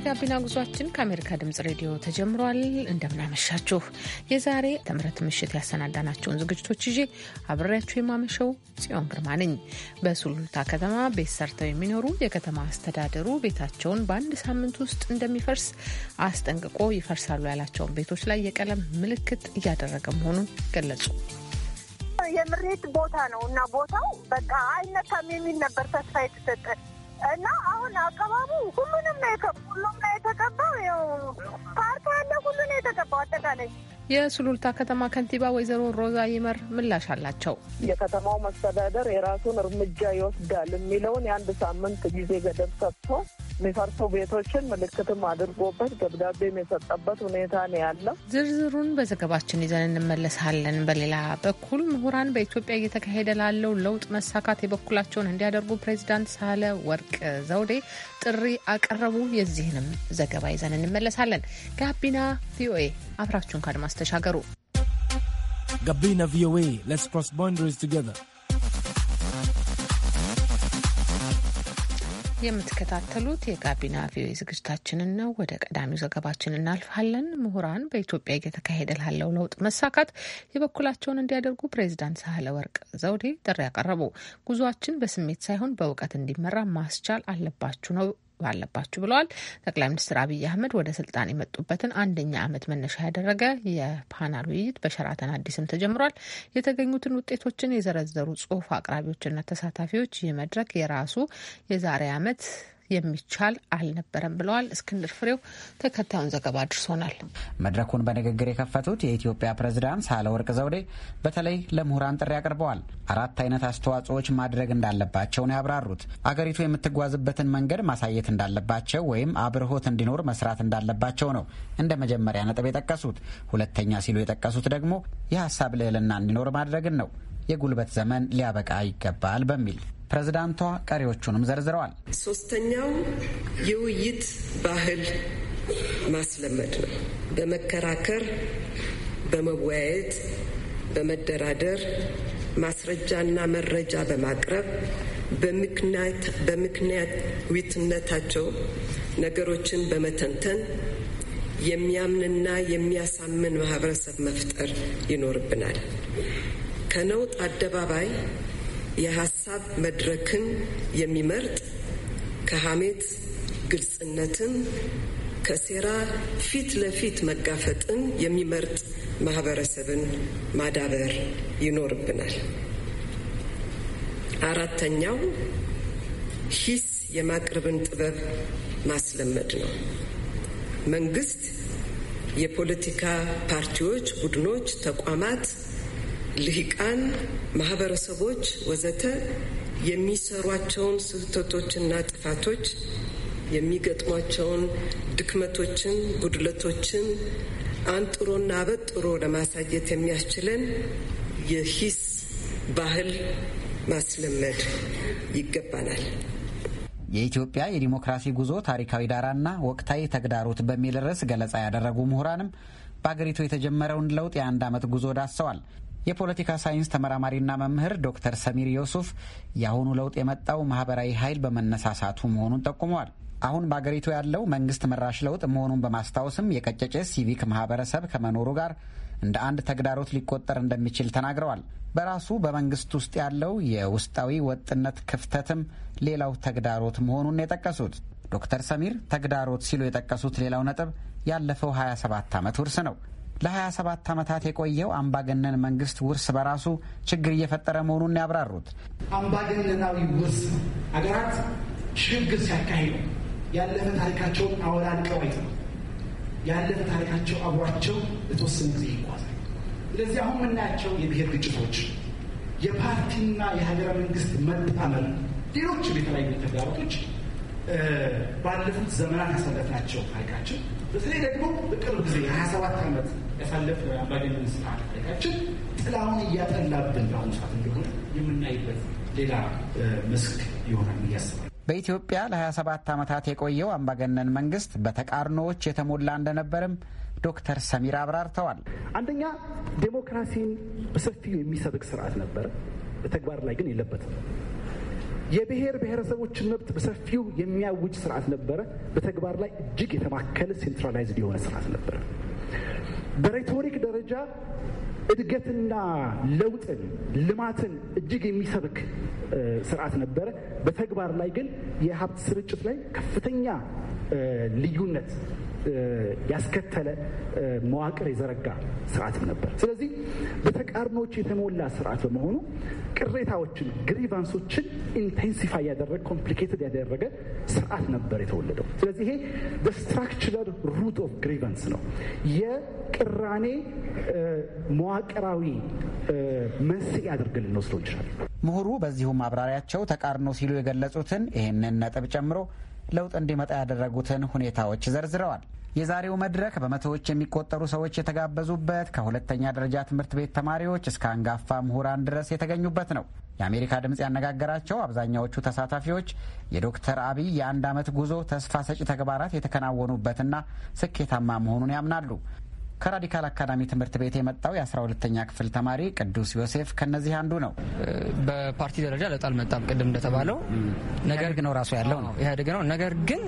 የጋቢና ጉዟችን ከአሜሪካ ድምጽ ሬዲዮ ተጀምሯል። እንደምናመሻችሁ የዛሬ ትምህርት ምሽት ያሰናዳናቸውን ዝግጅቶች ይዤ አብሬያችሁ የማመሸው ጽዮን ግርማ ነኝ። በሱሉልታ ከተማ ቤት ሰርተው የሚኖሩ የከተማ አስተዳደሩ ቤታቸውን በአንድ ሳምንት ውስጥ እንደሚፈርስ አስጠንቅቆ ይፈርሳሉ ያላቸውን ቤቶች ላይ የቀለም ምልክት እያደረገ መሆኑን ገለጹ። የምሬት ቦታ ነው እና ቦታው በቃ አይነካም የሚል ነበር ተስፋ የተሰጠ እና አሁን አቀባቡ ሁሉንም ነው ሁሉም የተቀባው። ያው ፓርክ አለ፣ ሁሉ የተቀባው አጠቃላይ የሱሉልታ ከተማ ከንቲባ ወይዘሮ ሮዛ ይመር ምላሽ አላቸው። የከተማው መስተዳደር የራሱን እርምጃ ይወስዳል የሚለውን የአንድ ሳምንት ጊዜ ገደብ ሰጥቶ የሚፈርሱ ቤቶችን ምልክትም አድርጎበት ደብዳቤም የሰጠበት ሁኔታ ነው ያለው። ዝርዝሩን በዘገባችን ይዘን እንመለሳለን። በሌላ በኩል ምሁራን በኢትዮጵያ እየተካሄደ ላለው ለውጥ መሳካት የበኩላቸውን እንዲያደርጉ ፕሬዚዳንት ሳህለ ወርቅ ዘውዴ ጥሪ አቀረቡ። የዚህንም ዘገባ ይዘን እንመለሳለን። ጋቢና ቪኦኤ አብራችሁን ካድማስ ተሻገሩ። ጋቢና ቪኦኤ ሌትስ ክሮስ ባውንደሪስ ቱጌዘር የምትከታተሉት የጋቢና ቪኦኤ ዝግጅታችንን ነው። ወደ ቀዳሚው ዘገባችን እናልፋለን። ምሁራን በኢትዮጵያ እየተካሄደ ላለው ለውጥ መሳካት የበኩላቸውን እንዲያደርጉ ፕሬዚዳንት ሳህለ ወርቅ ዘውዴ ጥሪ ያቀረቡ ጉዟችን በስሜት ሳይሆን በእውቀት እንዲመራ ማስቻል አለባችሁ ነው አለባችሁ ብለዋል። ጠቅላይ ሚኒስትር አብይ አህመድ ወደ ስልጣን የመጡበትን አንደኛ ዓመት መነሻ ያደረገ የፓናል ውይይት በሸራተን አዲስም ተጀምሯል። የተገኙትን ውጤቶችን የዘረዘሩ ጽሁፍ አቅራቢዎችና ተሳታፊዎች ይህ መድረክ የራሱ የዛሬ ዓመት የሚቻል አልነበረም ብለዋል። እስክንድር ፍሬው ተከታዩን ዘገባ አድርሶናል። መድረኩን በንግግር የከፈቱት የኢትዮጵያ ፕሬዝዳንት ሳህለወርቅ ዘውዴ በተለይ ለምሁራን ጥሪ አቅርበዋል። አራት አይነት አስተዋጽኦዎች ማድረግ እንዳለባቸው ነው ያብራሩት። አገሪቱ የምትጓዝበትን መንገድ ማሳየት እንዳለባቸው ወይም አብርሆት እንዲኖር መስራት እንዳለባቸው ነው እንደ መጀመሪያ ነጥብ የጠቀሱት። ሁለተኛ ሲሉ የጠቀሱት ደግሞ የሀሳብ ልዕልና እንዲኖር ማድረግን ነው። የጉልበት ዘመን ሊያበቃ ይገባል በሚል ፕሬዝዳንቷ ቀሪዎቹንም ዘርዝረዋል። ሶስተኛው የውይይት ባህል ማስለመድ ነው። በመከራከር በመወያየት በመደራደር ማስረጃና መረጃ በማቅረብ በምክንያታዊነታቸው ነገሮችን በመተንተን የሚያምንና የሚያሳምን ማህበረሰብ መፍጠር ይኖርብናል። ከነውጥ አደባባይ የሀሳብ መድረክን የሚመርጥ ከሀሜት ግልጽነትን፣ ከሴራ ፊት ለፊት መጋፈጥን የሚመርጥ ማህበረሰብን ማዳበር ይኖርብናል። አራተኛው ሂስ የማቅረብን ጥበብ ማስለመድ ነው። መንግስት፣ የፖለቲካ ፓርቲዎች፣ ቡድኖች፣ ተቋማት ልሂቃን፣ ማህበረሰቦች ወዘተ የሚሰሯቸውን ስህተቶችና ጥፋቶች የሚገጥሟቸውን ድክመቶችን፣ ጉድለቶችን አንጥሮና አበጥሮ ለማሳየት የሚያስችለን የሂስ ባህል ማስለመድ ይገባናል። የኢትዮጵያ የዲሞክራሲ ጉዞ ታሪካዊ ዳራና ወቅታዊ ተግዳሮት በሚል ርዕስ ገለጻ ያደረጉ ምሁራንም በአገሪቱ የተጀመረውን ለውጥ የአንድ ዓመት ጉዞ ዳሰዋል። የፖለቲካ ሳይንስ ተመራማሪና መምህር ዶክተር ሰሚር ዮሱፍ የአሁኑ ለውጥ የመጣው ማህበራዊ ኃይል በመነሳሳቱ መሆኑን ጠቁመዋል። አሁን በአገሪቱ ያለው መንግስት መራሽ ለውጥ መሆኑን በማስታወስም የቀጨጨ ሲቪክ ማህበረሰብ ከመኖሩ ጋር እንደ አንድ ተግዳሮት ሊቆጠር እንደሚችል ተናግረዋል። በራሱ በመንግስት ውስጥ ያለው የውስጣዊ ወጥነት ክፍተትም ሌላው ተግዳሮት መሆኑን የጠቀሱት ዶክተር ሰሚር ተግዳሮት ሲሉ የጠቀሱት ሌላው ነጥብ ያለፈው 27 ዓመት ውርስ ነው። ለ27 ዓመታት የቆየው አምባገነን መንግስት ውርስ በራሱ ችግር እየፈጠረ መሆኑን ያብራሩት አምባገነናዊ ውርስ አገራት ሽግግር ሲያካሂዱ ያለፈ ታሪካቸውን አወላልቀው አይተ ያለፈ ታሪካቸው አብሯቸው ለተወሰነ ጊዜ ይጓዛል። ስለዚህ አሁን የምናያቸው የብሔር ግጭቶች፣ የፓርቲና የሀገረ መንግስት መጣመር፣ ሌሎች የተለያዩ ተግዳሮቶች ባለፉት ዘመናት ያሳለፍናቸው ታሪካችን በተለይ ደግሞ በቅርብ ጊዜ የ27 ዓመት ያሳለፍነው የአምባገነን ስርዓት ታሪካችን ጥላውን እያጠላብን በአሁኑ ሰዓት እንደሆነ የምናይበት ሌላ መስክ ይሆናል እያስባል። በኢትዮጵያ ለ27 ዓመታት የቆየው አምባገነን መንግስት በተቃርኖዎች የተሞላ እንደነበርም ዶክተር ሰሚር አብራርተዋል። አንደኛ ዴሞክራሲን በሰፊው የሚሰብክ ስርዓት ነበር፣ በተግባር ላይ ግን የለበትም። የብሔር ብሔረሰቦችን መብት በሰፊው የሚያውጅ ስርዓት ነበረ። በተግባር ላይ እጅግ የተማከለ ሴንትራላይዝድ የሆነ ስርዓት ነበረ። በሬቶሪክ ደረጃ እድገትና ለውጥን ልማትን እጅግ የሚሰብክ ስርዓት ነበረ። በተግባር ላይ ግን የሀብት ስርጭት ላይ ከፍተኛ ልዩነት ያስከተለ መዋቅር የዘረጋ ስርዓትም ነበር። ስለዚህ በተቃርኖች የተሞላ ስርዓት በመሆኑ ቅሬታዎችን፣ ግሪቫንሶችን ኢንቴንሲፋይ ያደረገ ኮምፕሊኬትድ ያደረገ ስርዓት ነበር የተወለደው። ስለዚህ ይሄ ስትራክቸራል ሩት ኦፍ ግሪቫንስ ነው የቅራኔ መዋቅራዊ መንስኤ ያደርግልን ወስዶ እንችላል። ምሁሩ በዚሁ ማብራሪያቸው ተቃርኖ ሲሉ የገለጹትን ይህንን ነጥብ ጨምሮ ለውጥ እንዲመጣ ያደረጉትን ሁኔታዎች ዘርዝረዋል። የዛሬው መድረክ በመቶዎች የሚቆጠሩ ሰዎች የተጋበዙበት ከሁለተኛ ደረጃ ትምህርት ቤት ተማሪዎች እስከ አንጋፋ ምሁራን ድረስ የተገኙበት ነው። የአሜሪካ ድምፅ ያነጋገራቸው አብዛኛዎቹ ተሳታፊዎች የዶክተር አብይ የአንድ ዓመት ጉዞ ተስፋ ሰጪ ተግባራት የተከናወኑበትና ስኬታማ መሆኑን ያምናሉ። ከራዲካል አካዳሚ ትምህርት ቤት የመጣው የአስራ ሁለተኛ ክፍል ተማሪ ቅዱስ ዮሴፍ ከነዚህ አንዱ ነው። በፓርቲ ደረጃ ለውጥ አልመጣም ቅድም እንደተባለው ነገር ግን ነው ራሱ ያለው ነው ኢህአዴግ ነው። ነገር ግን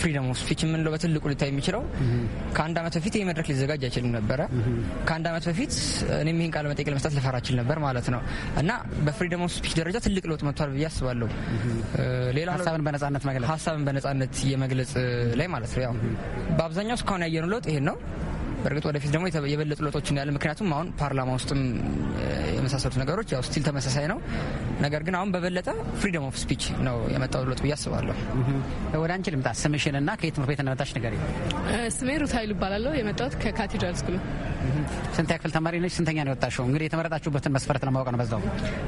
ፍሪደም ኦፍ ስፒች የምንለው በትልቁ ሊታይ የሚችለው ከአንድ አመት በፊት ይህ መድረክ ሊዘጋጅ አይችልም ነበረ። ከአንድ አመት በፊት እኔም ይህን ቃለ መጠየቅ ለመስጠት ልፈራ እችል ነበር ማለት ነው እና በፍሪደም ኦፍ ስፒች ደረጃ ትልቅ ለውጥ መጥቷል ብዬ አስባለሁ። ሌላ ሀሳብን በነጻነት መግለጽ ሀሳብን በነጻነት የመግለጽ ላይ ማለት ነው። ያው በአብዛኛው እስካሁን ያየነው ለውጥ ይሄን ነው። በእርግጥ ወደፊት ደግሞ የበለጡ ለውጦች እንዳለ ምክንያቱም አሁን ፓርላማ ውስጥም የመሳሰሉት ነገሮች ያው ስቲል ተመሳሳይ ነው። ነገር ግን አሁን በበለጠ ፍሪደም ኦፍ ስፒች ነው የመጣው ሎት ብዬ አስባለሁ። ወደ አንቺ ልምጣ። ስምሽን እና ከየት ትምህርት ቤት እንደመጣሽ ንገሪኝ። ስሜ ሩት ሀይሉ እባላለሁ። የመጣሁት ከካቴድራል ስኩል። ስንት ያክፍል ተማሪ ነች? ስንተኛ ነው የወጣሽው? እንግዲህ የተመረጣችሁበትን መስፈርት ለማወቅ ነው። በዛው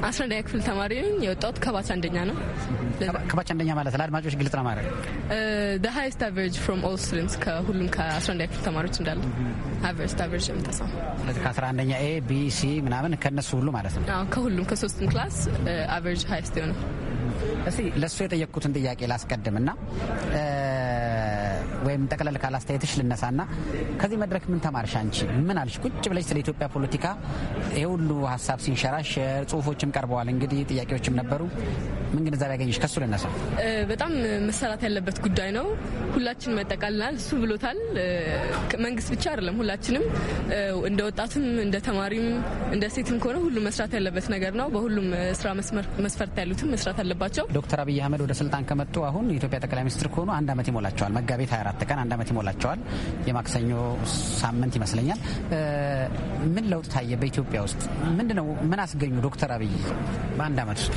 አስራ አንደኛ ክፍል ተማሪ ነኝ። የወጣሁት ከባች አንደኛ ነው። ከባች አንደኛ ማለት ለአድማጮች ግልጽ ለማድረግ ሃይስት አቨሬጅ ፍሮም ኦል ስቱደንትስ ከሁሉም ከ 11 ክፍል ተማሪዎች እንዳለ አቨሬጅ አቨሬጅ የምታሳው ስለዚህ 11 ኛ ኤ ቢ ሲ ምናምን ከእነሱ ሁሉ ማለት ነው። ከሁሉም ከሶስቱም ክላስ አቨሬጅ ሀይስት ነው። እስቲ ለእሱ የጠየቅኩትን ጥያቄ ላስቀድምና ወይም ጠቅለል ካላስተያየትሽ ልነሳና ከዚህ መድረክ ምን ተማርሽ አንቺ? ምን አልሽ? ቁጭ ብለሽ ስለ ኢትዮጵያ ፖለቲካ ይሄ ሁሉ ሀሳብ ሲንሸራሸር ጽሁፎችም ቀርበዋል። እንግዲህ ጥያቄዎችም ነበሩ። ምን ግንዛቤ ያገኘሽ? ከሱ ልነሳ። በጣም መሰራት ያለበት ጉዳይ ነው። ሁላችን መጠቃልናል። እሱ ብሎታል። መንግስት ብቻ አይደለም፣ ሁላችንም እንደ ወጣትም፣ እንደ ተማሪም፣ እንደ ሴትም ከሆነ ሁሉም መስራት ያለበት ነገር ነው። በሁሉም ስራ መስፈርት ያሉትም መስራት አለባቸው። ዶክተር አብይ አህመድ ወደ ስልጣን ከመጡ አሁን የኢትዮጵያ ጠቅላይ ሚኒስትር ከሆኑ አንድ አመት ይሞላቸዋል። መጋቢት 24 ቀን አንድ አመት ይሞላቸዋል። የማክሰኞ ሳምንት ይመስለኛል። ምን ለውጥ ታየ በኢትዮጵያ ኢትዮጵያ ውስጥ ምንድነው ምን አስገኙ ዶክተር አብይ በአንድ አመት ውስጥ?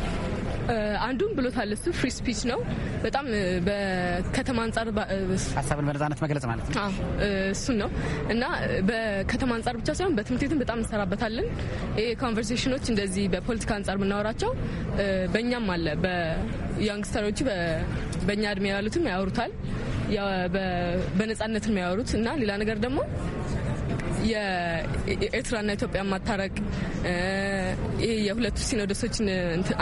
አንዱም ብሎታል እሱ ፍሪ ስፒች ነው። በጣም በከተማ አንጻር ሀሳብን በነጻነት መግለጽ ማለት ነው። እሱን ነው እና በከተማ አንጻር ብቻ ሳይሆን በትምህርት ቤትም በጣም እንሰራበታለን። ይሄ ኮንቨርሴሽኖች እንደዚህ በፖለቲካ አንጻር የምናወራቸው በእኛም አለ። በያንግስተሮቹ በእኛ እድሜ ያሉትም ያወሩታል፣ በነጻነትም ያወሩት እና ሌላ ነገር ደግሞ የኤርትራና ኢትዮጵያ ማታረቅ የሁለቱ ሲኖዶሶችን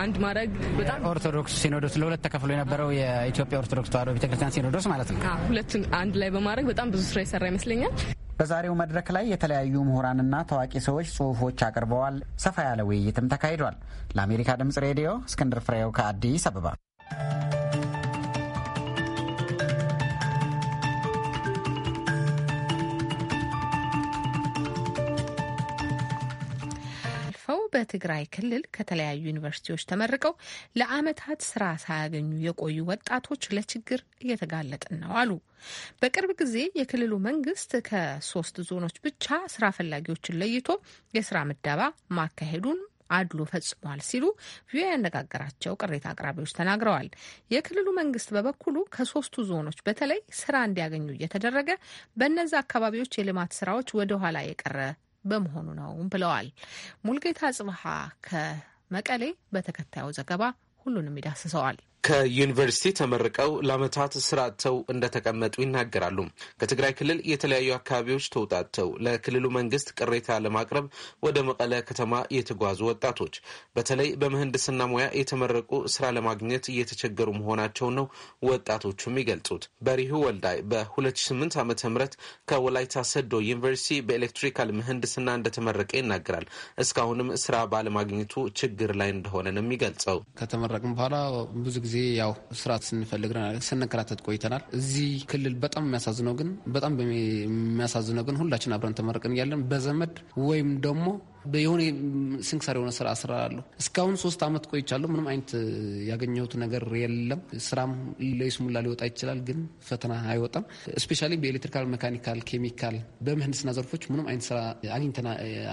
አንድ ማድረግ በጣም ኦርቶዶክስ ሲኖዶስ ለሁለት ተከፍሎ የነበረው የኢትዮጵያ ኦርቶዶክስ ተዋህዶ ቤተክርስቲያን ሲኖዶስ ማለት ነው። ሁለቱን አንድ ላይ በማድረግ በጣም ብዙ ስራ የሰራ ይመስለኛል። በዛሬው መድረክ ላይ የተለያዩ ምሁራንና ታዋቂ ሰዎች ጽሁፎች አቅርበዋል። ሰፋ ያለ ውይይትም ተካሂዷል። ለአሜሪካ ድምጽ ሬዲዮ እስክንድር ፍሬው ከአዲስ አበባ በትግራይ ክልል ከተለያዩ ዩኒቨርሲቲዎች ተመርቀው ለዓመታት ስራ ሳያገኙ የቆዩ ወጣቶች ለችግር እየተጋለጥን ነው አሉ። በቅርብ ጊዜ የክልሉ መንግስት ከሶስት ዞኖች ብቻ ስራ ፈላጊዎችን ለይቶ የስራ ምደባ ማካሄዱን አድሎ ፈጽሟል ሲሉ ቪኦኤ ያነጋገራቸው ቅሬታ አቅራቢዎች ተናግረዋል። የክልሉ መንግስት በበኩሉ ከሶስቱ ዞኖች በተለይ ስራ እንዲያገኙ እየተደረገ በእነዚ አካባቢዎች የልማት ስራዎች ወደኋላ የቀረ በመሆኑ ነው ብለዋል። ሙልጌታ ጽብሃ ከመቀሌ በተከታዩ ዘገባ ሁሉንም ይዳስሰዋል። ከዩኒቨርሲቲ ተመርቀው ለዓመታት ስራ አጥተው እንደተቀመጡ ይናገራሉ። ከትግራይ ክልል የተለያዩ አካባቢዎች ተውጣጥተው ለክልሉ መንግስት ቅሬታ ለማቅረብ ወደ መቀለ ከተማ የተጓዙ ወጣቶች በተለይ በምህንድስና ሙያ የተመረቁ ስራ ለማግኘት እየተቸገሩ መሆናቸውን ነው ወጣቶቹ የሚገልጹት። በሪሁ ወልዳይ በ2008 ዓ ም ከወላይታ ሰዶ ዩኒቨርሲቲ በኤሌክትሪካል ምህንድስና እንደተመረቀ ይናገራል። እስካሁንም ስራ ባለማግኘቱ ችግር ላይ እንደሆነ ነው የሚገልጸው። ከተመረቅን በኋላ ብዙ ጊዜ ጊዜ ያው ስርዓት ስንፈልግ ስንከራተት ቆይተናል። እዚህ ክልል በጣም የሚያሳዝነው ግን በጣም የሚያሳዝነው ግን ሁላችን አብረን ተመረቅን እያለን በዘመድ ወይም ደግሞ የሆነ ስንክሳር የሆነ ስራ ስራ አለሁ። እስካሁን ሶስት አመት ቆይቻለሁ። ምንም አይነት ያገኘሁት ነገር የለም። ስራም ለይስሙላ ሊወጣ ይችላል፣ ግን ፈተና አይወጣም። እስፔሻሊ በኤሌክትሪካል፣ መካኒካል፣ ኬሚካል በምህንድስና ዘርፎች ምንም አይነት ስራ አግኝተ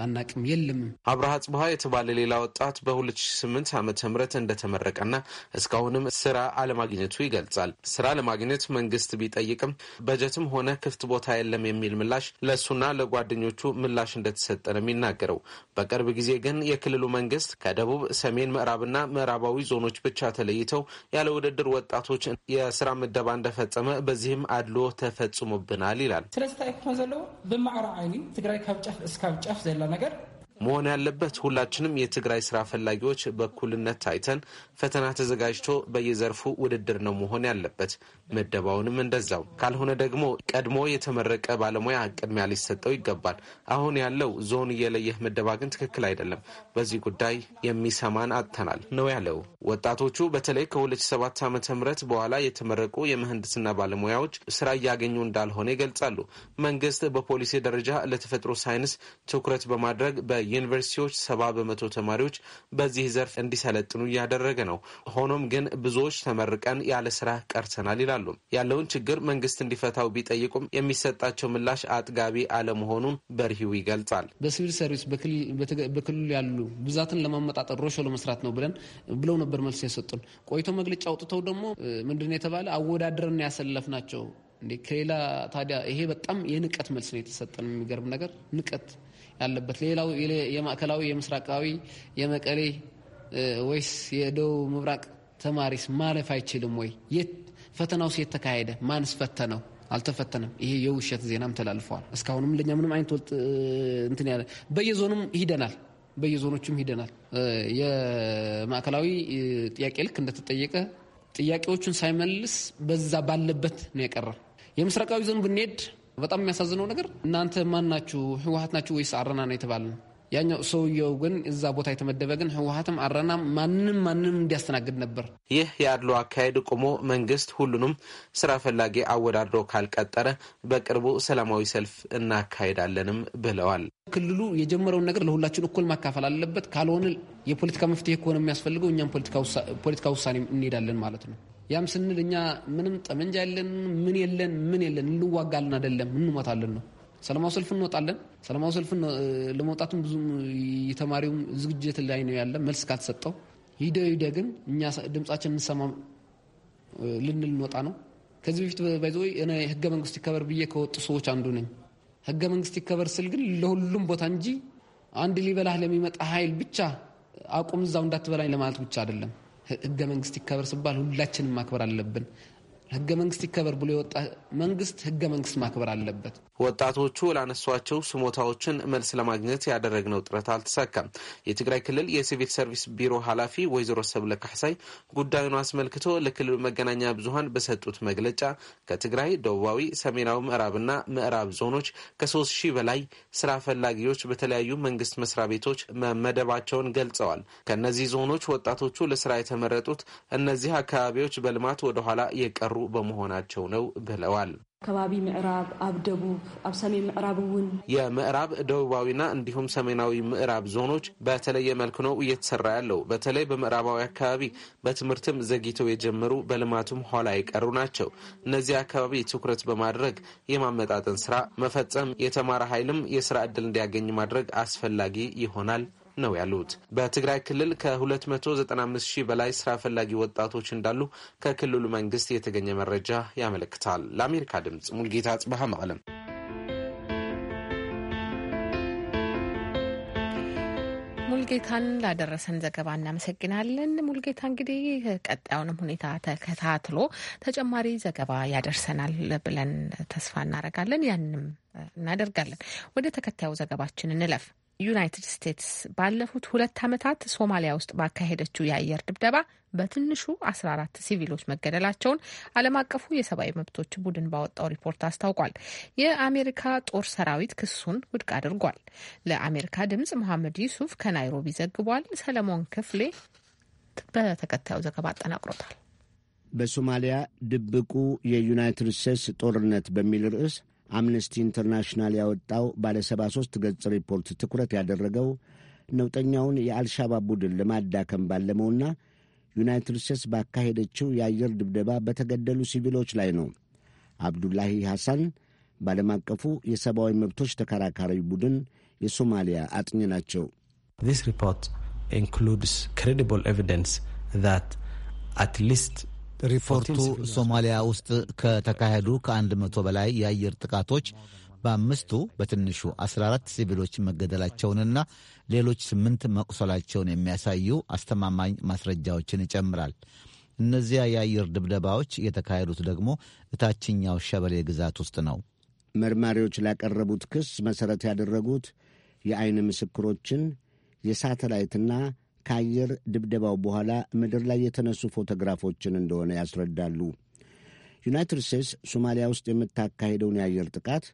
አናቅም፣ የለም። አብርሃ ጽብሃ የተባለ ሌላ ወጣት በ2008 ዓ ም እንደተመረቀና እስካሁንም ስራ አለማግኘቱ ይገልጻል። ስራ ለማግኘት መንግስት ቢጠይቅም በጀትም ሆነ ክፍት ቦታ የለም የሚል ምላሽ ለእሱና ለጓደኞቹ ምላሽ እንደተሰጠ ነው የሚናገረው። በቅርብ ጊዜ ግን የክልሉ መንግስት ከደቡብ ሰሜን ምዕራብና ምዕራባዊ ዞኖች ብቻ ተለይተው ያለ ውድድር ወጣቶች የስራ ምደባ እንደፈጸመ በዚህም አድሎ ተፈጽሞብናል ይላል ስለዚ እንታይ ዘለዎ ብማዕራ ዓይኒ ትግራይ ካብ ጫፍ እስካብ ጫፍ ዘላ ነገር መሆን ያለበት ሁላችንም የትግራይ ስራ ፈላጊዎች በእኩልነት ታይተን ፈተና ተዘጋጅቶ በየዘርፉ ውድድር ነው መሆን ያለበት። ምደባውንም እንደዛው። ካልሆነ ደግሞ ቀድሞ የተመረቀ ባለሙያ ቅድሚያ ሊሰጠው ይገባል። አሁን ያለው ዞን እየለየህ ምደባ ግን ትክክል አይደለም። በዚህ ጉዳይ የሚሰማን አጥተናል ነው ያለው። ወጣቶቹ በተለይ ከ2007 ዓ ም በኋላ የተመረቁ የምህንድስና ባለሙያዎች ስራ እያገኙ እንዳልሆነ ይገልጻሉ። መንግስት በፖሊሲ ደረጃ ለተፈጥሮ ሳይንስ ትኩረት በማድረግ በ የዩኒቨርሲቲዎች ሰባ በመቶ ተማሪዎች በዚህ ዘርፍ እንዲሰለጥኑ እያደረገ ነው። ሆኖም ግን ብዙዎች ተመርቀን ያለ ስራ ቀርተናል ይላሉ። ያለውን ችግር መንግስት እንዲፈታው ቢጠይቁም የሚሰጣቸው ምላሽ አጥጋቢ አለመሆኑን በርሂው ይገልጻል። በሲቪል ሰርቪስ በክልሉ ያሉ ብዛትን ለማመጣጠር ሮሾ ለመስራት ነው ብለን ብለው ነበር መልስ የሰጡን። ቆይቶ መግለጫ አውጥተው ደግሞ ምንድን የተባለ አወዳድረን ያሰለፍ ናቸው ከሌላ ታዲያ ይሄ በጣም የንቀት መልስ ነው የተሰጠን። የሚገርም ነገር ንቀት ያለበት? ሌላው የማዕከላዊ የምስራቃዊ የመቀሌ ወይስ የደቡብ ምብራቅ ተማሪስ ማለፍ አይችልም ወይ? የት ፈተናውስ የተካሄደ ተካሄደ? ማንስ ፈተነው? አልተፈተነም። ይሄ የውሸት ዜናም ተላልፈዋል። እስካሁንም ለኛ ምንም አይነት ወጥ እንትን ያለ በየዞኑም ሂደናል በየዞኖቹም ሂደናል። የማዕከላዊ ጥያቄ ልክ እንደተጠየቀ ጥያቄዎቹን ሳይመልስ በዛ ባለበት ነው የቀረ። የምስራቃዊ ዞን ብንሄድ በጣም የሚያሳዝነው ነገር እናንተ ማን ናችሁ? ህወሀት ናችሁ ወይስ አረና ነው የተባለ ነው። ያኛው ሰውየው ግን እዛ ቦታ የተመደበ ግን ህወሀትም አረና ማንም ማንም እንዲያስተናግድ ነበር። ይህ የአድሎ አካሄድ ቆሞ መንግስት ሁሉንም ስራ ፈላጊ አወዳድሮ ካልቀጠረ በቅርቡ ሰላማዊ ሰልፍ እናካሄዳለንም ብለዋል። ክልሉ የጀመረውን ነገር ለሁላችን እኩል ማካፈል አለበት። ካልሆነ የፖለቲካ መፍትሄ ከሆነ የሚያስፈልገው እኛም ፖለቲካ ውሳኔ እንሄዳለን ማለት ነው። ያም ስንል እኛ ምንም ጠመንጃ የለን ምን የለን ምን የለን እንዋጋለን አይደለም፣ እንሞታለን ነው። ሰላማዊ ሰልፍ እንወጣለን። ሰላማዊ ሰልፍ ለመውጣቱም ብዙም የተማሪውም ዝግጅት ላይ ነው ያለ መልስ ካልተሰጠው ሂደ ሂደ ግን እኛ ድምጻችን እንሰማ ልንል እንወጣ ነው። ከዚህ በፊት ባይዞ እኔ ህገ መንግስት ይከበር ብዬ ከወጡ ሰዎች አንዱ ነኝ። ህገ መንግስት ይከበር ስል ግን ለሁሉም ቦታ እንጂ አንድ ሊበላህ ለሚመጣ ኃይል ብቻ አቁም እዛው እንዳትበላኝ ለማለት ብቻ አይደለም። ህገ መንግስት ይከበር ሲባል ሁላችንም ማክበር አለብን። ህገ መንግስት ይከበር ብሎ የወጣ መንግስት ህገ መንግስት ማክበር አለበት። ወጣቶቹ ላነሷቸው ስሞታዎችን መልስ ለማግኘት ያደረግነው ጥረት አልተሳካም። የትግራይ ክልል የሲቪል ሰርቪስ ቢሮ ኃላፊ ወይዘሮ ሰብለ ካሕሳይ ጉዳዩን አስመልክቶ ለክልሉ መገናኛ ብዙኃን በሰጡት መግለጫ ከትግራይ ደቡባዊ፣ ሰሜናዊ ምዕራብና ምዕራብ ዞኖች ከሶስት ሺህ በላይ ስራ ፈላጊዎች በተለያዩ መንግስት መስሪያ ቤቶች መመደባቸውን ገልጸዋል። ከእነዚህ ዞኖች ወጣቶቹ ለስራ የተመረጡት እነዚህ አካባቢዎች በልማት ወደኋላ የቀሩ የተሰማሩ በመሆናቸው ነው ብለዋል። ከባቢ ምዕራብ አብ ደቡብ አብ ሰሜን ምዕራብ እውን የምዕራብ ደቡባዊና እንዲሁም ሰሜናዊ ምዕራብ ዞኖች በተለየ መልክ ነው እየተሰራ ያለው። በተለይ በምዕራባዊ አካባቢ በትምህርትም ዘግይተው የጀመሩ በልማቱም ኋላ የቀሩ ናቸው። እነዚህ አካባቢ ትኩረት በማድረግ የማመጣጠን ስራ መፈጸም፣ የተማረ ኃይልም የስራ እድል እንዲያገኝ ማድረግ አስፈላጊ ይሆናል ነው ያሉት። በትግራይ ክልል ከ295 ሺህ በላይ ስራ ፈላጊ ወጣቶች እንዳሉ ከክልሉ መንግስት የተገኘ መረጃ ያመለክታል። ለአሜሪካ ድምፅ ሙልጌታ አጽበሃ መቀለም። ሙልጌታን ላደረሰን ዘገባ እናመሰግናለን። ሙልጌታ እንግዲህ ቀጣዩንም ሁኔታ ተከታትሎ ተጨማሪ ዘገባ ያደርሰናል ብለን ተስፋ እናደርጋለን። ያንም እናደርጋለን። ወደ ተከታዩ ዘገባችን እንለፍ። ዩናይትድ ስቴትስ ባለፉት ሁለት ዓመታት ሶማሊያ ውስጥ ባካሄደችው የአየር ድብደባ በትንሹ 14 ሲቪሎች መገደላቸውን ዓለም አቀፉ የሰብአዊ መብቶች ቡድን ባወጣው ሪፖርት አስታውቋል። የአሜሪካ ጦር ሰራዊት ክሱን ውድቅ አድርጓል። ለአሜሪካ ድምጽ መሐመድ ዩሱፍ ከናይሮቢ ዘግቧል። ሰለሞን ክፍሌ በተከታዩ ዘገባ አጠናቅሮታል። በሶማሊያ ድብቁ የዩናይትድ ስቴትስ ጦርነት በሚል ርዕስ አምነስቲ ኢንተርናሽናል ያወጣው ባለ 73 ገጽ ሪፖርት ትኩረት ያደረገው ነውጠኛውን የአልሻባብ ቡድን ለማዳከም ባለመውና ዩናይትድ ስቴትስ ባካሄደችው የአየር ድብደባ በተገደሉ ሲቪሎች ላይ ነው። አብዱላሂ ሐሳን ባለም አቀፉ የሰብአዊ መብቶች ተከራካሪ ቡድን የሶማሊያ አጥኚ ናቸው። ሪፖርት ኢንክሉድስ ክሬዲብል ኤቪደንስ አት ሊስት ሪፖርቱ ሶማሊያ ውስጥ ከተካሄዱ ከአንድ መቶ በላይ የአየር ጥቃቶች በአምስቱ በትንሹ 14 ሲቪሎች መገደላቸውንና ሌሎች ስምንት መቁሰላቸውን የሚያሳዩ አስተማማኝ ማስረጃዎችን ይጨምራል። እነዚያ የአየር ድብደባዎች የተካሄዱት ደግሞ እታችኛው ሸበሌ ግዛት ውስጥ ነው። መርማሪዎች ላቀረቡት ክስ መሠረት ያደረጉት የአይን ምስክሮችን የሳተላይትና ከአየር ድብደባው በኋላ ምድር ላይ የተነሱ ፎቶግራፎችን እንደሆነ ያስረዳሉ። ዩናይትድ ስቴትስ ሶማሊያ ውስጥ የምታካሄደውን የአየር ጥቃት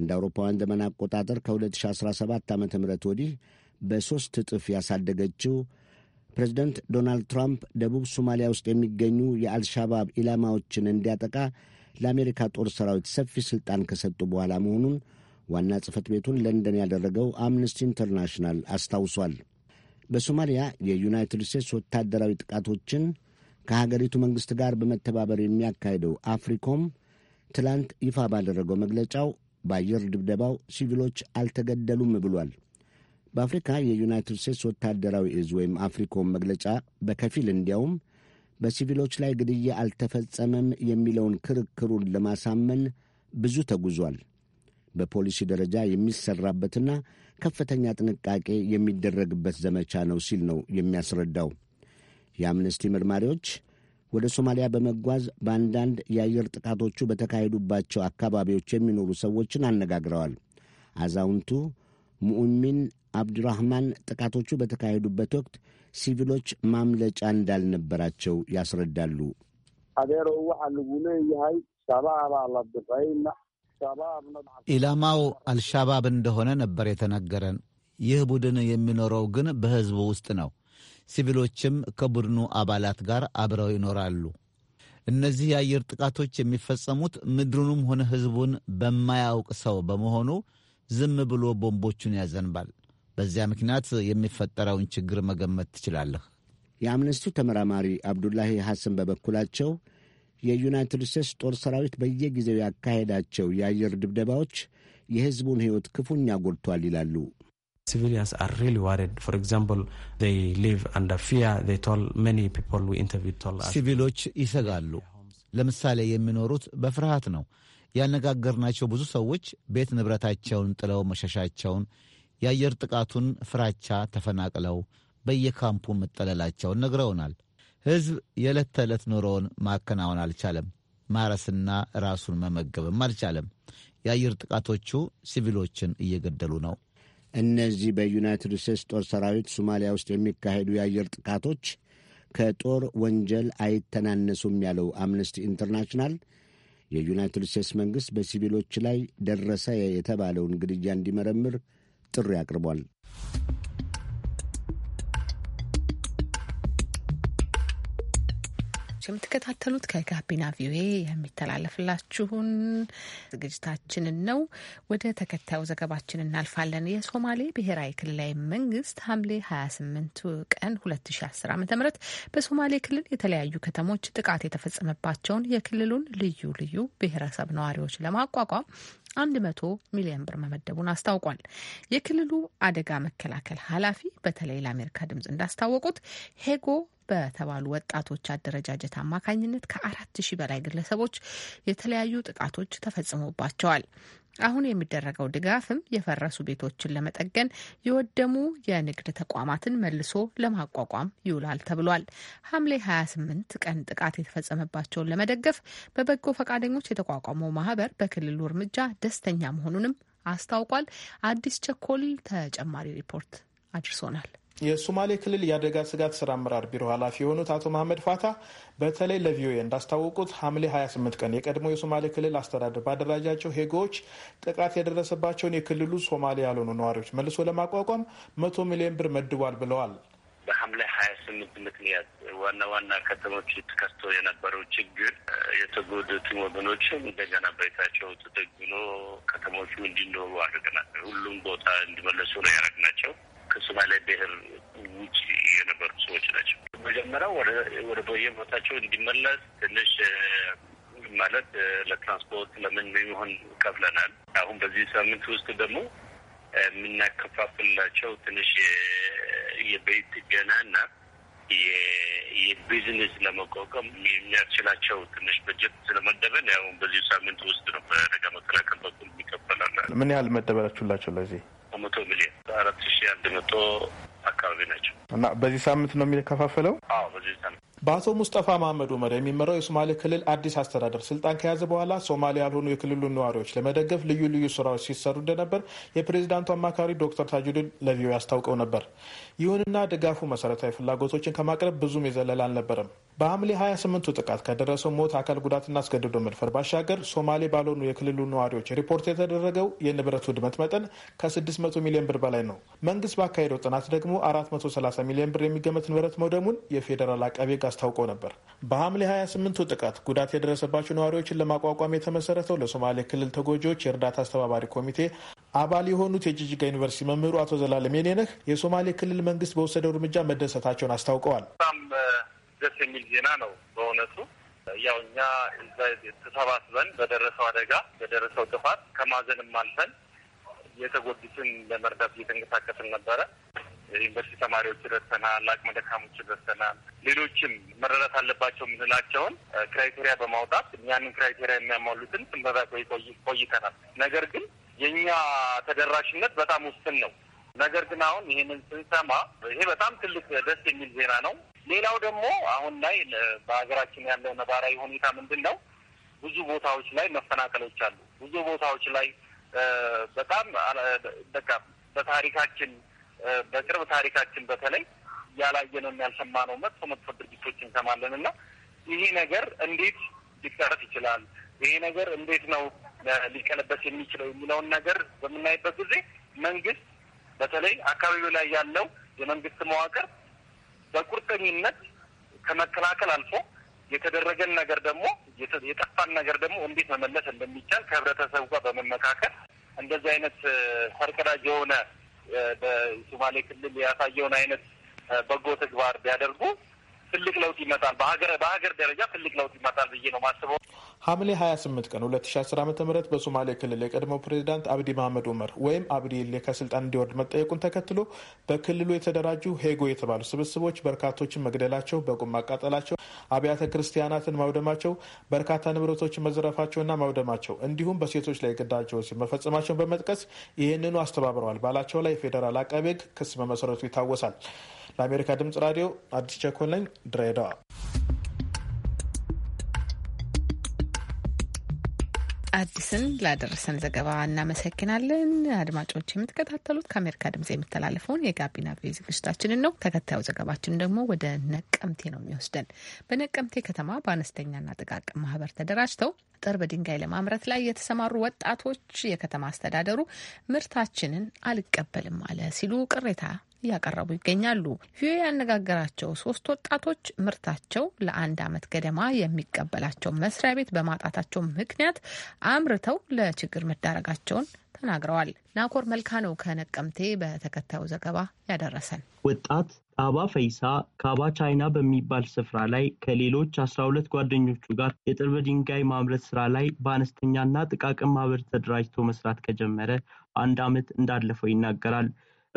እንደ አውሮፓውያን ዘመን አቆጣጠር ከ2017 ዓ ም ወዲህ በሦስት እጥፍ ያሳደገችው ፕሬዚደንት ዶናልድ ትራምፕ ደቡብ ሶማሊያ ውስጥ የሚገኙ የአልሻባብ ኢላማዎችን እንዲያጠቃ ለአሜሪካ ጦር ሰራዊት ሰፊ ሥልጣን ከሰጡ በኋላ መሆኑን ዋና ጽሕፈት ቤቱን ለንደን ያደረገው አምነስቲ ኢንተርናሽናል አስታውሷል። በሶማሊያ የዩናይትድ ስቴትስ ወታደራዊ ጥቃቶችን ከሀገሪቱ መንግሥት ጋር በመተባበር የሚያካሂደው አፍሪኮም ትላንት ይፋ ባደረገው መግለጫው በአየር ድብደባው ሲቪሎች አልተገደሉም ብሏል። በአፍሪካ የዩናይትድ ስቴትስ ወታደራዊ እዝ ወይም አፍሪኮም መግለጫ በከፊል እንዲያውም በሲቪሎች ላይ ግድያ አልተፈጸመም የሚለውን ክርክሩን ለማሳመን ብዙ ተጉዟል። በፖሊሲ ደረጃ የሚሰራበትና ከፍተኛ ጥንቃቄ የሚደረግበት ዘመቻ ነው ሲል ነው የሚያስረዳው። የአምነስቲ መርማሪዎች ወደ ሶማሊያ በመጓዝ በአንዳንድ የአየር ጥቃቶቹ በተካሄዱባቸው አካባቢዎች የሚኖሩ ሰዎችን አነጋግረዋል። አዛውንቱ ሙኡሚን አብዱራህማን ጥቃቶቹ በተካሄዱበት ወቅት ሲቪሎች ማምለጫ እንዳልነበራቸው ያስረዳሉ። አዴሮ ኢላማው አልሻባብ እንደሆነ ነበር የተነገረን። ይህ ቡድን የሚኖረው ግን በሕዝቡ ውስጥ ነው። ሲቪሎችም ከቡድኑ አባላት ጋር አብረው ይኖራሉ። እነዚህ የአየር ጥቃቶች የሚፈጸሙት ምድሩንም ሆነ ሕዝቡን በማያውቅ ሰው በመሆኑ ዝም ብሎ ቦምቦቹን ያዘንባል። በዚያ ምክንያት የሚፈጠረውን ችግር መገመት ትችላለህ። የአምነስቲው ተመራማሪ አብዱላሂ ሐሰን በበኩላቸው የዩናይትድ ስቴትስ ጦር ሰራዊት በየጊዜው ያካሄዳቸው የአየር ድብደባዎች የሕዝቡን ሕይወት ክፉኛ ጎድቷል ይላሉ። civilians are ሲቪሎች ይሰጋሉ። ለምሳሌ የሚኖሩት በፍርሃት ነው። ያነጋገርናቸው ብዙ ሰዎች ቤት ንብረታቸውን ጥለው መሸሻቸውን፣ የአየር ጥቃቱን ፍራቻ ተፈናቅለው በየካምፑ መጠለላቸውን ነግረውናል። ሕዝብ የዕለት ተዕለት ኑሮውን ማከናወን አልቻለም። ማረስና ራሱን መመገብም አልቻለም። የአየር ጥቃቶቹ ሲቪሎችን እየገደሉ ነው። እነዚህ በዩናይትድ ስቴትስ ጦር ሰራዊት ሶማሊያ ውስጥ የሚካሄዱ የአየር ጥቃቶች ከጦር ወንጀል አይተናነሱም ያለው አምነስቲ ኢንተርናሽናል የዩናይትድ ስቴትስ መንግሥት በሲቪሎች ላይ ደረሰ የተባለውን ግድያ እንዲመረምር ጥሪ አቅርቧል። የምትከታተሉት ከጋቢና ቪኦኤ የሚተላለፍላችሁን ዝግጅታችንን ነው። ወደ ተከታዩ ዘገባችን እናልፋለን። የሶማሌ ብሔራዊ ክልላዊ መንግስት ሐምሌ 28 ቀን 2010 ዓ ም በሶማሌ ክልል የተለያዩ ከተሞች ጥቃት የተፈጸመባቸውን የክልሉን ልዩ ልዩ ብሔረሰብ ነዋሪዎች ለማቋቋም አንድ መቶ ሚሊዮን ብር መመደቡን አስታውቋል። የክልሉ አደጋ መከላከል ኃላፊ በተለይ ለአሜሪካ ድምፅ እንዳስታወቁት ሄጎ በተባሉ ወጣቶች አደረጃጀት አማካኝነት ከአራት ሺህ በላይ ግለሰቦች የተለያዩ ጥቃቶች ተፈጽሞባቸዋል። አሁን የሚደረገው ድጋፍም የፈረሱ ቤቶችን ለመጠገን፣ የወደሙ የንግድ ተቋማትን መልሶ ለማቋቋም ይውላል ተብሏል። ሐምሌ 28 ቀን ጥቃት የተፈጸመባቸውን ለመደገፍ በበጎ ፈቃደኞች የተቋቋመው ማህበር በክልሉ እርምጃ ደስተኛ መሆኑንም አስታውቋል። አዲስ ቸኮል ተጨማሪ ሪፖርት አድርሶናል። የሶማሌ ክልል የአደጋ ስጋት ስራ አመራር ቢሮ ኃላፊ የሆኑት አቶ መሐመድ ፋታ በተለይ ለቪኦኤ እንዳስታወቁት ሐምሌ 28 ቀን የቀድሞ የሶማሌ ክልል አስተዳደር ባደራጃቸው ሄጎዎች ጥቃት የደረሰባቸውን የክልሉ ሶማሌ ያልሆኑ ነዋሪዎች መልሶ ለማቋቋም መቶ ሚሊዮን ብር መድቧል ብለዋል። በሐምሌ 28 ምክንያት ዋና ዋና ከተሞች ተከስቶ የነበረው ችግር የተጎዱትን ወገኖች እንደገና ቤታቸው ተደግኖ ከተሞቹ እንዲኖሩ አድርገናል። ሁሉም ቦታ እንዲመለሱ ነው ያደረግናቸው። ከሶማሊያ ብሔር ውጭ የነበሩ ሰዎች ናቸው። መጀመሪያው ወደ በየቦታቸው እንዲመለስ ትንሽ ማለት ለትራንስፖርት ለምን የሚሆን ከፍለናል። አሁን በዚህ ሳምንት ውስጥ ደግሞ የምናከፋፍላቸው ትንሽ የቤት ጥገናና የቢዝነስ ለመቋቋም የሚያስችላቸው ትንሽ በጀት ስለመደበን ያው በዚሁ ሳምንት ውስጥ ነው በደጋ መከላከል በኩል የሚከፈላል። ምን ያህል መደበላችሁላቸው ለዚህ ሲኖቶ አካባቢ ናቸው እና በዚህ ሳምንት ነው የሚከፋፈለው? አዎ በአቶ ሙስጠፋ መሀመድ ኡመር የሚመራው የሶማሌ ክልል አዲስ አስተዳደር ስልጣን ከያዘ በኋላ ሶማሌ ያልሆኑ የክልሉን ነዋሪዎች ለመደገፍ ልዩ ልዩ ስራዎች ሲሰሩ እንደነበር የፕሬዚዳንቱ አማካሪ ዶክተር ታጁድን ለቪዮ አስታውቀው ነበር። ይሁንና ድጋፉ መሰረታዊ ፍላጎቶችን ከማቅረብ ብዙም የዘለል አልነበረም። በሐምሌ 28ቱ ጥቃት ከደረሰው ሞት፣ አካል ጉዳትና አስገድዶ መድፈር ባሻገር ሶማሌ ባልሆኑ የክልሉ ነዋሪዎች ሪፖርት የተደረገው የንብረት ውድመት መጠን ከ600 ሚሊዮን ብር በላይ ነው። መንግስት ባካሄደው ጥናት ደግሞ 430 ሚሊዮን ብር የሚገመት ንብረት መውደሙን የፌዴራል አቃቤ አስታውቀው ነበር። በሐምሌ 28ቱ ጥቃት ጉዳት የደረሰባቸው ነዋሪዎችን ለማቋቋም የተመሰረተው ለሶማሌ ክልል ተጎጂዎች የእርዳታ አስተባባሪ ኮሚቴ አባል የሆኑት የጅጅጋ ዩኒቨርሲቲ መምህሩ አቶ ዘላለም የኔነህ የሶማሌ ክልል መንግስት በወሰደው እርምጃ መደሰታቸውን አስታውቀዋል። በጣም ደስ የሚል ዜና ነው በእውነቱ ያው እኛ ተሰባስበን በደረሰው አደጋ በደረሰው ጥፋት ከማዘንም አልፈን የተጎዱትን ለመርዳት እየተንቀሳቀስን ነበረ። የዩኒቨርሲቲ ተማሪዎች ደርሰናል፣ አቅመ ደካሞች ደርሰናል፣ ሌሎችም መረዳት አለባቸው የምንላቸውን ክራይቴሪያ በማውጣት ያንን ክራይቴሪያ የሚያሟሉትን ስንበዛ ቆይተናል። ነገር ግን የእኛ ተደራሽነት በጣም ውስን ነው። ነገር ግን አሁን ይህንን ስንሰማ ይሄ በጣም ትልቅ ደስ የሚል ዜና ነው። ሌላው ደግሞ አሁን ላይ በሀገራችን ያለው ነባራዊ ሁኔታ ምንድን ነው? ብዙ ቦታዎች ላይ መፈናቀሎች አሉ። ብዙ ቦታዎች ላይ በጣም በቃ በታሪካችን በቅርብ ታሪካችን በተለይ ያላየነው ያልሰማነው መጥፎ መጥፎ ድርጊቶች እንሰማለን እና ይሄ ነገር እንዴት ሊቀረፍ ይችላል፣ ይሄ ነገር እንዴት ነው ሊቀለበስ የሚችለው የሚለውን ነገር በምናይበት ጊዜ መንግስት በተለይ አካባቢው ላይ ያለው የመንግስት መዋቅር በቁርጠኝነት ከመከላከል አልፎ የተደረገን ነገር ደግሞ የጠፋን ነገር ደግሞ እንዴት መመለስ እንደሚቻል ከህብረተሰቡ ጋር በመመካከል እንደዚህ አይነት ፈርቀዳጅ የሆነ በሶማሌ ክልል ያሳየውን አይነት በጎ ተግባር ቢያደርጉ ትልቅ ለውጥ ይመጣል። በሀገር በሀገር ደረጃ ትልቅ ለውጥ ይመጣል ብዬ ነው ማስበው። ሐምሌ 28 ቀን 2010 ዓ ም በሶማሌ ክልል የቀድሞው ፕሬዚዳንት አብዲ መሐመድ ኡመር ወይም አብዲ ኢሌ ከስልጣን እንዲወርድ መጠየቁን ተከትሎ በክልሉ የተደራጁ ሄጎ የተባሉ ስብስቦች በርካቶችን መግደላቸው፣ በቁም ማቃጠላቸው፣ አብያተ ክርስቲያናትን ማውደማቸው፣ በርካታ ንብረቶችን መዘረፋቸውና ማውደማቸው እንዲሁም በሴቶች ላይ ግዳቸው ወሲብ መፈጸማቸውን በመጥቀስ ይህንኑ አስተባብረዋል ባላቸው ላይ የፌዴራል አቃቤ ሕግ ክስ መመሰረቱ ይታወሳል። ለአሜሪካ ድምጽ ራዲዮ አዲስ ቸኮል ነኝ ድሬዳዋ። አዲስን ላደረሰን ዘገባ እናመሰግናለን። አድማጮች የምትከታተሉት ከአሜሪካ ድምጽ የሚተላለፈውን የጋቢና ቪ ዝግጅታችንን ነው። ተከታዩ ዘገባችን ደግሞ ወደ ነቀምቴ ነው የሚወስደን። በነቀምቴ ከተማ በአነስተኛና ጥቃቅን ማህበር ተደራጅተው አጥር በድንጋይ ለማምረት ላይ የተሰማሩ ወጣቶች የከተማ አስተዳደሩ ምርታችንን አልቀበልም አለ ሲሉ ቅሬታ እያቀረቡ ይገኛሉ። ቪኦኤ ያነጋገራቸው ሶስት ወጣቶች ምርታቸው ለአንድ ዓመት ገደማ የሚቀበላቸው መስሪያ ቤት በማጣታቸው ምክንያት አምርተው ለችግር መዳረጋቸውን ተናግረዋል። ናኮር መልካ ነው ከነቀምቴ በተከታዩ ዘገባ ያደረሰን። ወጣት ካባ ፈይሳ ካባ ቻይና በሚባል ስፍራ ላይ ከሌሎች አስራ ሁለት ጓደኞቹ ጋር የጥርብ ድንጋይ ማምረት ስራ ላይ በአነስተኛና ጥቃቅን ማህበር ተደራጅቶ መስራት ከጀመረ አንድ ዓመት እንዳለፈው ይናገራል።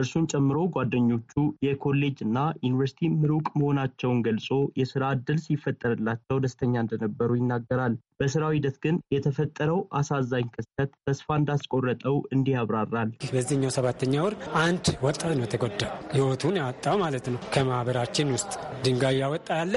እርሱን ጨምሮ ጓደኞቹ የኮሌጅ እና ዩኒቨርሲቲ ምሩቅ መሆናቸውን ገልጾ የስራ እድል ሲፈጠርላቸው ደስተኛ እንደነበሩ ይናገራል። በስራው ሂደት ግን የተፈጠረው አሳዛኝ ክስተት ተስፋ እንዳስቆረጠው እንዲህ ያብራራል። በዚህኛው ሰባተኛ ወር አንድ ወጣት ነው የተጎዳ፣ ህይወቱን ያወጣ ማለት ነው። ከማህበራችን ውስጥ ድንጋይ ያወጣ ያለ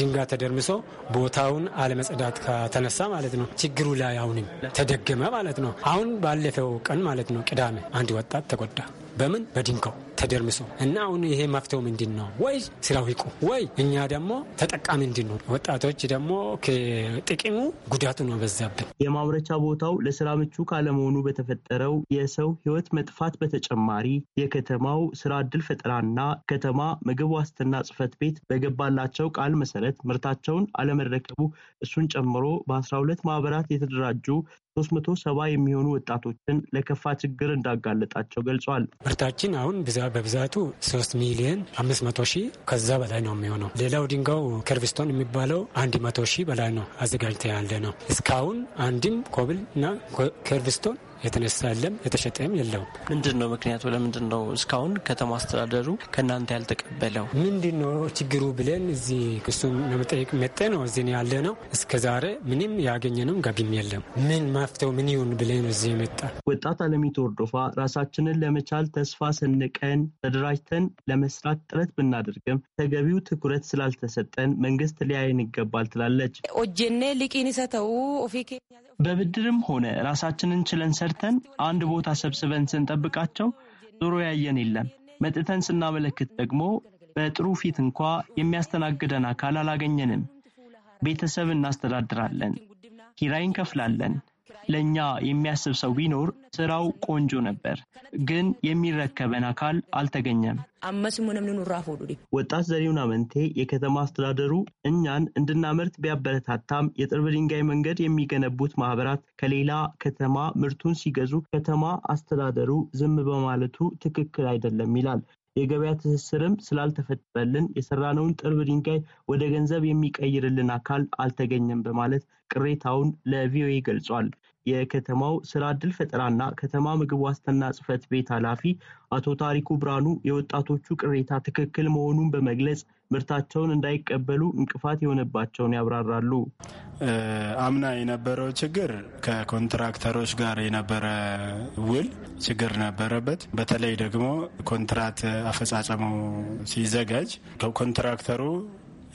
ድንጋይ ተደርምሶ ቦታውን አለመጸዳት ከተነሳ ማለት ነው ችግሩ ላይ አሁንም ተደገመ ማለት ነው። አሁን ባለፈው ቀን ማለት ነው ቅዳሜ አንድ ወጣት ተጎዳ። በምን በድንጋው ተደርምሶ እና አሁን ይሄ መፍትሄው ምንድን ነው? ወይ ስራው ይቁ ወይ እኛ ደግሞ ተጠቃሚ እንድንሆን ወጣቶች ደግሞ ከጥቅሙ ጉዳቱ ነው በዛብን። የማምረቻ ቦታው ለስራ ምቹ ካለመሆኑ በተፈጠረው የሰው ህይወት መጥፋት በተጨማሪ የከተማው ስራ እድል ፈጠራና ከተማ ምግብ ዋስትና ጽህፈት ቤት በገባላቸው ቃል መሰረት ምርታቸውን አለመረከቡ እሱን ጨምሮ በ12 ማህበራት የተደራጁ 37 የሚሆኑ ወጣቶችን ለከፋ ችግር እንዳጋለጣቸው ገልጿል። ምርታችን አሁን ብዛ በብዛቱ 3 ሚሊየን 500 መቶ ሺህ ከዛ በላይ ነው የሚሆነው። ሌላው ድንጋው ከርቪስቶን የሚባለው አንድ መቶ ሺህ በላይ ነው አዘጋጅተ ያለ ነው። እስካሁን አንድም ኮብል እና ከርቪስቶን የተነሳ የለም፣ የተሸጠም የለውም። ምንድን ነው ምክንያቱ? ለምንድን ነው እስካሁን ከተማ አስተዳደሩ ከእናንተ ያልተቀበለው? ምንድን ነው ችግሩ ብለን እዚህ እሱን ለመጠየቅ መጠ ነው እዚህ ያለ ነው። እስከ ዛሬ ምንም ያገኘንም ገቢም የለም። ምን ማፍተው ምን ይሁን ብለን እዚህ መጣ። ወጣት አለሚቱ ወርዶፋ ራሳችንን ለመቻል ተስፋ ሰንቀን ተደራጅተን ለመስራት ጥረት ብናደርግም ተገቢው ትኩረት ስላልተሰጠን መንግስት ሊያይን ይገባል ትላለች። በብድርም ሆነ ራሳችንን ችለን ሰር ጠርተን አንድ ቦታ ሰብስበን ስንጠብቃቸው ዞሮ ያየን የለም። መጥተን ስናመለክት ደግሞ በጥሩ ፊት እንኳ የሚያስተናግደን አካል አላገኘንም። ቤተሰብ እናስተዳድራለን፣ ኪራይ እንከፍላለን፣ ለእኛ የሚያስብ ሰው ቢኖር ስራው ቆንጆ ነበር፣ ግን የሚረከበን አካል አልተገኘም። ወጣት ዘሪሁን አመንቴ የከተማ አስተዳደሩ እኛን እንድናመርት ቢያበረታታም የጥርብ ድንጋይ መንገድ የሚገነቡት ማህበራት ከሌላ ከተማ ምርቱን ሲገዙ ከተማ አስተዳደሩ ዝም በማለቱ ትክክል አይደለም ይላል። የገበያ ትስስርም ስላልተፈጠረልን የሰራነውን ጥርብ ድንጋይ ወደ ገንዘብ የሚቀይርልን አካል አልተገኘም በማለት ቅሬታውን ለቪኦኤ ገልጿል። የከተማው ስራ ዕድል ፈጠራና ከተማ ምግብ ዋስትና ጽህፈት ቤት ኃላፊ አቶ ታሪኩ ብርሃኑ የወጣቶቹ ቅሬታ ትክክል መሆኑን በመግለጽ ምርታቸውን እንዳይቀበሉ እንቅፋት የሆነባቸውን ያብራራሉ። አምና የነበረው ችግር ከኮንትራክተሮች ጋር የነበረ ውል ችግር ነበረበት። በተለይ ደግሞ ኮንትራት አፈጻጸሙ ሲዘጋጅ ኮንትራክተሩ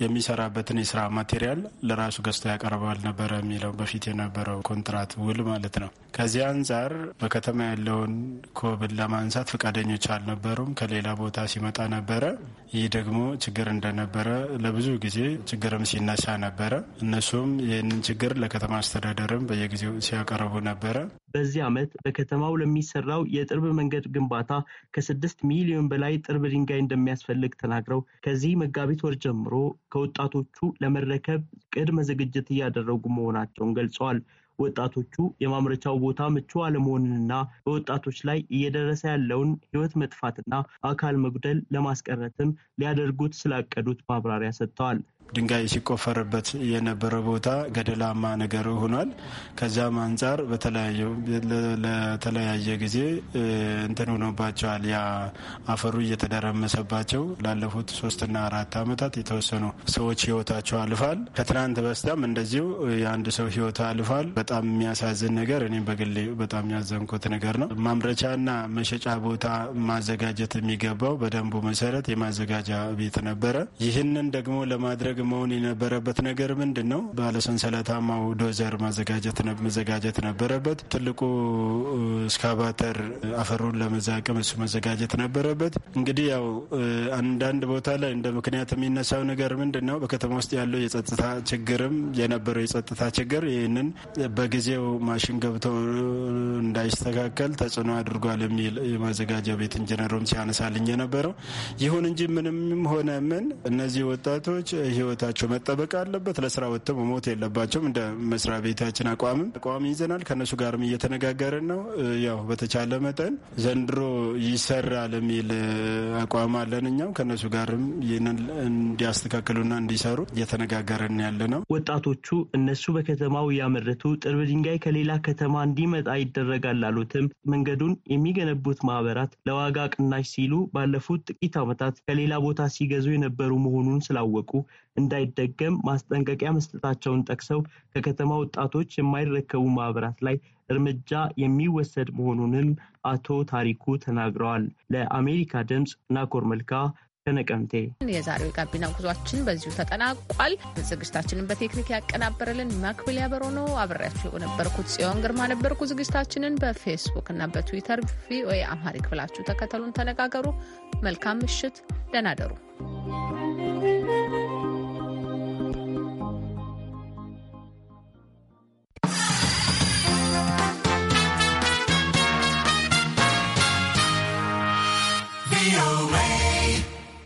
የሚሰራበትን የስራ ማቴሪያል ለራሱ ገዝቶ ያቀርባል ነበረ የሚለው በፊት የነበረው ኮንትራት ውል ማለት ነው። ከዚህ አንጻር በከተማ ያለውን ኮብል ለማንሳት ፈቃደኞች አልነበሩም። ከሌላ ቦታ ሲመጣ ነበረ። ይህ ደግሞ ችግር እንደነበረ ለብዙ ጊዜ ችግርም ሲነሳ ነበረ። እነሱም ይህንን ችግር ለከተማ አስተዳደርም በየጊዜው ሲያቀርቡ ነበረ። በዚህ ዓመት በከተማው ለሚሰራው የጥርብ መንገድ ግንባታ ከስድስት ሚሊዮን በላይ ጥርብ ድንጋይ እንደሚያስፈልግ ተናግረው ከዚህ መጋቢት ወር ጀምሮ ከወጣቶቹ ለመረከብ ቅድመ ዝግጅት እያደረጉ መሆናቸውን ገልጸዋል። ወጣቶቹ የማምረቻው ቦታ ምቹ አለመሆንንና በወጣቶች ላይ እየደረሰ ያለውን ሕይወት መጥፋትና አካል መጉደል ለማስቀረትም ሊያደርጉት ስላቀዱት ማብራሪያ ሰጥተዋል። ድንጋይ ሲቆፈርበት የነበረ ቦታ ገደላማ ነገር ሆኗል። ከዛም አንጻር ለተለያየ ጊዜ እንትን ሆኖባቸዋል። ያ አፈሩ እየተደረመሰባቸው ላለፉት ሶስትና አራት ዓመታት የተወሰኑ ሰዎች ህይወታቸው አልፋል። ከትናንት በስቲያም እንደዚሁ የአንድ ሰው ህይወት አልፋል። በጣም የሚያሳዝን ነገር እኔ በግሌ በጣም ያዘንኩት ነገር ነው። ማምረቻና መሸጫ ቦታ ማዘጋጀት የሚገባው በደንቡ መሰረት የማዘጋጃ ቤት ነበረ። ይህንን ደግሞ ለማድረግ መደረግ መሆን የነበረበት ነገር ምንድን ነው? ባለሰንሰለታማው ዶዘር ማዘጋጀት መዘጋጀት ነበረበት። ትልቁ እስካቫተር አፈሩን ለመዛቅም እሱ መዘጋጀት ነበረበት። እንግዲህ ያው አንዳንድ ቦታ ላይ እንደ ምክንያት የሚነሳው ነገር ምንድን ነው? በከተማ ውስጥ ያለው የጸጥታ ችግርም የነበረው የጸጥታ ችግር ይህንን በጊዜው ማሽን ገብቶ እንዳይስተካከል ተጽዕኖ አድርጓል የሚል የማዘጋጃ ቤት ኢንጂነሩም ሲያነሳልኝ የነበረው ይሁን እንጂ ምንም ሆነ ምን እነዚህ ወጣቶች ህይወታቸው መጠበቅ አለበት። ለስራ ወጥተው መሞት የለባቸውም። እንደ መስሪያ ቤታችን አቋምም አቋም ይዘናል። ከእነሱ ጋርም እየተነጋገርን ነው። ያው በተቻለ መጠን ዘንድሮ ይሰራል የሚል አቋም አለን። እኛም ከእነሱ ጋርም ይህንን እንዲያስተካክሉና እንዲሰሩ እየተነጋገርን ያለ ነው። ወጣቶቹ እነሱ በከተማው እያመረቱ ጥርብ ድንጋይ ከሌላ ከተማ እንዲመጣ ይደረጋል ላሉትም መንገዱን የሚገነቡት ማህበራት ለዋጋ ቅናሽ ሲሉ ባለፉት ጥቂት ዓመታት ከሌላ ቦታ ሲገዙ የነበሩ መሆኑን ስላወቁ እንዳይደገም ማስጠንቀቂያ መስጠታቸውን ጠቅሰው ከከተማ ወጣቶች የማይረከቡ ማህበራት ላይ እርምጃ የሚወሰድ መሆኑንም አቶ ታሪኩ ተናግረዋል። ለአሜሪካ ድምፅ ናኮር መልካ ከነቀምቴ። የዛሬው የጋቢና ጉዟችን በዚሁ ተጠናቋል። ዝግጅታችንን በቴክኒክ ያቀናበረልን መክብል ያበሮ ነው። አብሬያቸው የነበርኩት ጽዮን ግርማ ነበርኩ። ዝግጅታችንን በፌስቡክ እና በትዊተር ቪኦኤ አምሃሪክ ብላችሁ ተከተሉን፣ ተነጋገሩ። መልካም ምሽት፣ ደህና ደሩ።